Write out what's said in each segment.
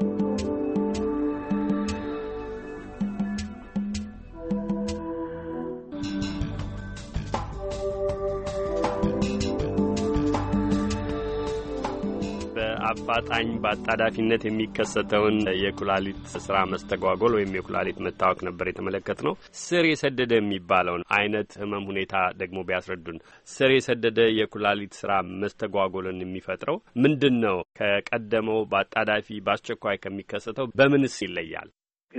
thank you በአፋጣኝ በአጣዳፊነት የሚከሰተውን የኩላሊት ስራ መስተጓጎል ወይም የኩላሊት መታወክ ነበር የተመለከት ነው። ስር የሰደደ የሚባለውን አይነት ህመም ሁኔታ ደግሞ ቢያስረዱን። ስር የሰደደ የኩላሊት ስራ መስተጓጎልን የሚፈጥረው ምንድን ነው? ከቀደመው በአጣዳፊ በአስቸኳይ ከሚከሰተው በምንስ ይለያል?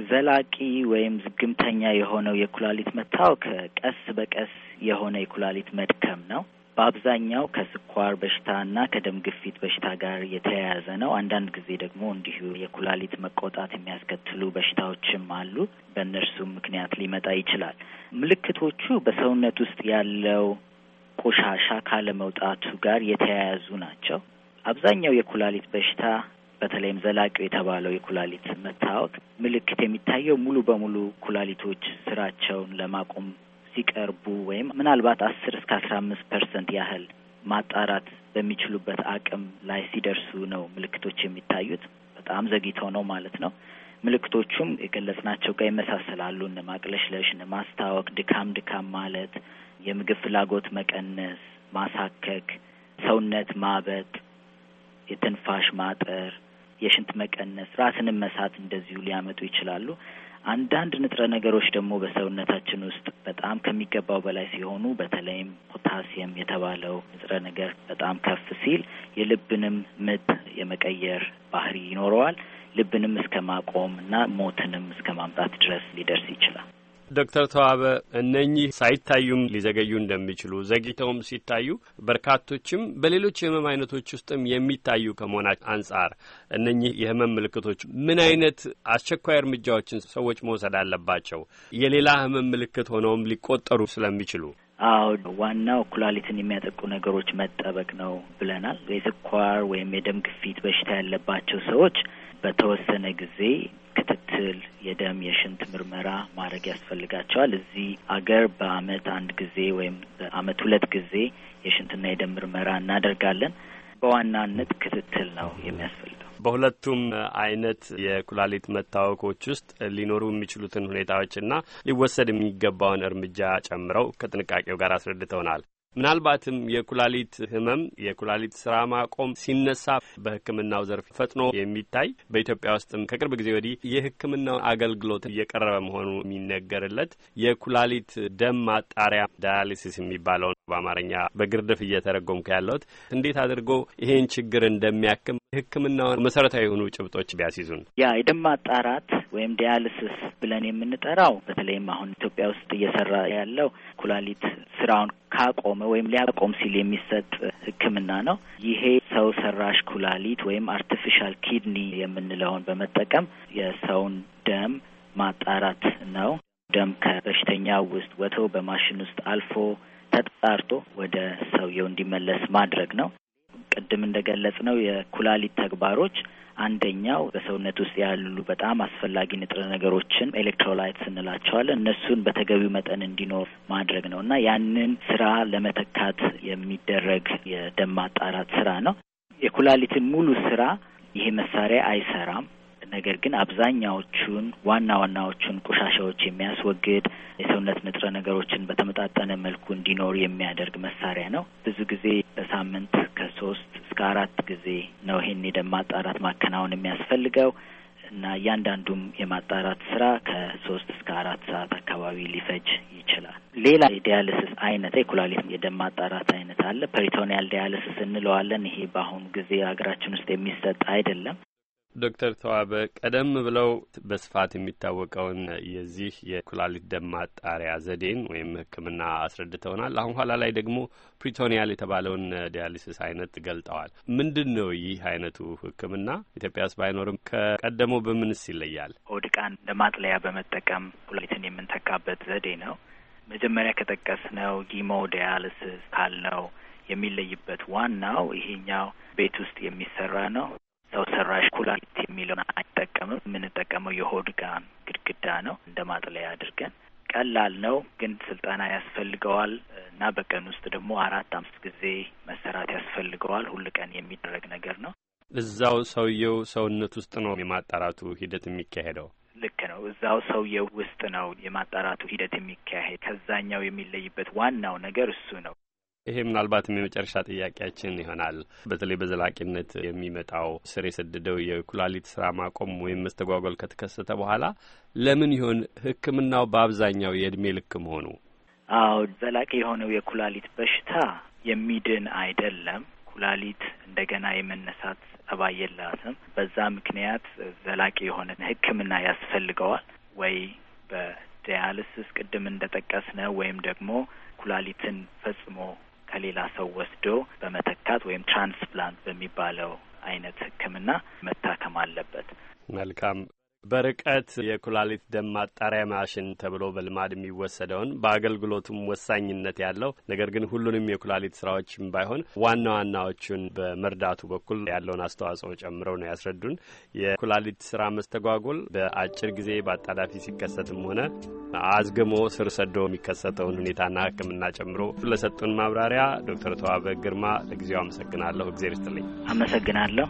ዘላቂ ወይም ዝግምተኛ የሆነው የኩላሊት መታወክ ቀስ በቀስ የሆነ የኩላሊት መድከም ነው። በአብዛኛው ከስኳር በሽታና ከደም ግፊት በሽታ ጋር የተያያዘ ነው። አንዳንድ ጊዜ ደግሞ እንዲሁ የኩላሊት መቆጣት የሚያስከትሉ በሽታዎችም አሉ። በእነርሱም ምክንያት ሊመጣ ይችላል። ምልክቶቹ በሰውነት ውስጥ ያለው ቆሻሻ ካለመውጣቱ ጋር የተያያዙ ናቸው። አብዛኛው የኩላሊት በሽታ በተለይም ዘላቂው የተባለው የኩላሊት መታወክ ምልክት የሚታየው ሙሉ በሙሉ ኩላሊቶች ስራቸውን ለማቆም ሲቀርቡ ወይም ምናልባት አስር እስከ አስራ አምስት ፐርሰንት ያህል ማጣራት በሚችሉበት አቅም ላይ ሲደርሱ ነው ምልክቶች የሚታዩት። በጣም ዘግይተው ነው ማለት ነው። ምልክቶቹም የገለጽናቸው ጋር ይመሳሰላሉ። እነ ማቅለሽለሽ፣ እነ ማስታወክ፣ ድካም ድካም ማለት፣ የምግብ ፍላጎት መቀነስ፣ ማሳከክ፣ ሰውነት ማበጥ፣ የትንፋሽ ማጠር፣ የሽንት መቀነስ፣ ራስንም መሳት እንደዚሁ ሊያመጡ ይችላሉ። አንዳንድ ንጥረ ነገሮች ደግሞ በሰውነታችን ውስጥ በጣም ከሚገባው በላይ ሲሆኑ በተለይም ፖታሲየም የተባለው ንጥረ ነገር በጣም ከፍ ሲል የልብንም ምት የመቀየር ባህሪ ይኖረዋል። ልብንም እስከ ማቆም እና ሞትንም እስከ ማምጣት ድረስ ሊደርስ ይችላል። ዶክተር ተዋበ እነኚህ ሳይታዩም ሊዘገዩ እንደሚችሉ ዘግይተውም ሲታዩ በርካቶችም በሌሎች የህመም አይነቶች ውስጥም የሚታዩ ከመሆናቸው አንጻር እነኚህ የህመም ምልክቶች ምን አይነት አስቸኳይ እርምጃዎችን ሰዎች መውሰድ አለባቸው? የሌላ ህመም ምልክት ሆነውም ሊቆጠሩ ስለሚችሉ አዎ ዋናው ኩላሊትን የሚያጠቁ ነገሮች መጠበቅ ነው ብለናል። የስኳር ወይም የደም ግፊት በሽታ ያለባቸው ሰዎች በተወሰነ ጊዜ የምስል፣ የደም፣ የሽንት ምርመራ ማድረግ ያስፈልጋቸዋል። እዚህ አገር በአመት አንድ ጊዜ ወይም በአመት ሁለት ጊዜ የሽንትና የደም ምርመራ እናደርጋለን። በዋናነት ክትትል ነው የሚያስፈልገው። በሁለቱም አይነት የኩላሊት መታወኮች ውስጥ ሊኖሩ የሚችሉትን ሁኔታዎችና ሊወሰድ የሚገባውን እርምጃ ጨምረው ከጥንቃቄው ጋር አስረድተውናል። ምናልባትም የኩላሊት ህመም የኩላሊት ስራ ማቆም ሲነሳ በህክምናው ዘርፍ ፈጥኖ የሚታይ በኢትዮጵያ ውስጥም ከቅርብ ጊዜ ወዲህ የህክምናው አገልግሎት እየቀረበ መሆኑ የሚነገርለት የኩላሊት ደም ማጣሪያ ዳያሊሲስ የሚባለውን በአማርኛ በግርድፍ እየተረጎምኩ ያለሁት እንዴት አድርጎ ይሄን ችግር እንደሚያክም ሕክምናውን መሰረታዊ የሆኑ ጭብጦች ቢያስይዙን። ያ የደም ማጣራት ወይም ዲያልስስ ብለን የምንጠራው በተለይም አሁን ኢትዮጵያ ውስጥ እየሰራ ያለው ኩላሊት ስራውን ካቆመ ወይም ሊያቆም ሲል የሚሰጥ ሕክምና ነው። ይሄ ሰው ሰራሽ ኩላሊት ወይም አርቲፊሻል ኪድኒ የምንለውን በመጠቀም የሰውን ደም ማጣራት ነው። ደም ከበሽተኛ ውስጥ ወጥቶ በማሽን ውስጥ አልፎ ተጣርቶ ወደ ሰውየው እንዲመለስ ማድረግ ነው። ቅድም እንደገለጽ ነው የኩላሊት ተግባሮች አንደኛው በሰውነት ውስጥ ያሉ በጣም አስፈላጊ ንጥረ ነገሮችን ኤሌክትሮላይትስ እንላቸዋለን እነሱን በተገቢው መጠን እንዲኖር ማድረግ ነው እና ያንን ስራ ለመተካት የሚደረግ የደም ማጣራት ስራ ነው። የኩላሊትን ሙሉ ስራ ይሄ መሳሪያ አይሰራም። ነገር ግን አብዛኛዎቹን ዋና ዋናዎቹን ቆሻሻዎች የሚያስወግድ የሰውነት ንጥረ ነገሮችን በተመጣጠነ መልኩ እንዲኖሩ የሚያደርግ መሳሪያ ነው። ብዙ ጊዜ በሳምንት ከሶስት እስከ አራት ጊዜ ነው ይሄን የደም ማጣራት ማከናወን የሚያስፈልገው እና እያንዳንዱም የማጣራት ስራ ከሶስት እስከ አራት ሰዓት አካባቢ ሊፈጅ ይችላል። ሌላ የዲያልስስ አይነት የኩላሊት የደም ማጣራት አይነት አለ። ፐሪቶኒያል ዲያልስስ እንለዋለን። ይሄ በአሁኑ ጊዜ ሀገራችን ውስጥ የሚሰጥ አይደለም። ዶክተር ተዋበ ቀደም ብለው በስፋት የሚታወቀውን የዚህ የኩላሊት ደም ማጣሪያ ዘዴን ወይም ሕክምና አስረድተውናል። አሁን ኋላ ላይ ደግሞ ፕሪቶኒያል የተባለውን ዲያሊሲስ አይነት ገልጠዋል። ምንድን ነው ይህ አይነቱ ሕክምና? ኢትዮጵያ ውስጥ ባይኖርም ከቀደሞ በምንስ ይለያል? ሆድቃን ለማጥለያ በመጠቀም ኩላሊትን የምንተካበት ዘዴ ነው። መጀመሪያ ከጠቀስነው ጊሞ ዲያሊሲስ ካልነው የሚለይበት ዋናው ይሄኛው ቤት ውስጥ የሚሰራ ነው። ሰው ሰራሽ ኩላሊት የሚለውን አይጠቀምም። የምንጠቀመው የሆድ ጋን ግድግዳ ነው እንደ ማጥለያ አድርገን ቀላል ነው ግን ስልጠና ያስፈልገዋል እና በቀን ውስጥ ደግሞ አራት አምስት ጊዜ መሰራት ያስፈልገዋል። ሁል ቀን የሚደረግ ነገር ነው። እዛው ሰውየው ሰውነት ውስጥ ነው የማጣራቱ ሂደት የሚካሄደው። ልክ ነው። እዛው ሰውየው ውስጥ ነው የማጣራቱ ሂደት የሚካሄድ። ከዛኛው የሚለይበት ዋናው ነገር እሱ ነው። ይሄ ምናልባትም የመጨረሻ ጥያቄያችን ይሆናል። በተለይ በዘላቂነት የሚመጣው ስር የሰደደው የኩላሊት ስራ ማቆም ወይም መስተጓጎል ከተከሰተ በኋላ ለምን ይሆን ሕክምናው በአብዛኛው የእድሜ ልክ መሆኑ? አዎ ዘላቂ የሆነው የኩላሊት በሽታ የሚድን አይደለም። ኩላሊት እንደገና የመነሳት ጠባይ የላትም። በዛ ምክንያት ዘላቂ የሆነ ሕክምና ያስፈልገዋል ወይ በዲያልስስ ቅድም እንደጠቀስነው ወይም ደግሞ ኩላሊትን ፈጽሞ ከሌላ ሰው ወስዶ በመተካት ወይም ትራንስፕላንት በሚባለው አይነት ህክምና መታከም አለበት። መልካም በርቀት የኩላሊት ደም ማጣሪያ ማሽን ተብሎ በልማድ የሚወሰደውን በአገልግሎቱም ወሳኝነት ያለው ነገር ግን ሁሉንም የኩላሊት ስራዎችን ባይሆን ዋና ዋናዎቹን በመርዳቱ በኩል ያለውን አስተዋጽኦ ጨምረው ነው ያስረዱን። የኩላሊት ስራ መስተጓጎል በአጭር ጊዜ በአጣዳፊ ሲከሰትም ሆነ አዝግሞ ስር ሰዶ የሚከሰተውን ሁኔታና ሕክምና ጨምሮ ለሰጡን ማብራሪያ ዶክተር ተዋበ ግርማ ለጊዜው አመሰግናለሁ። እግዜር ይስጥልኝ። አመሰግናለሁ።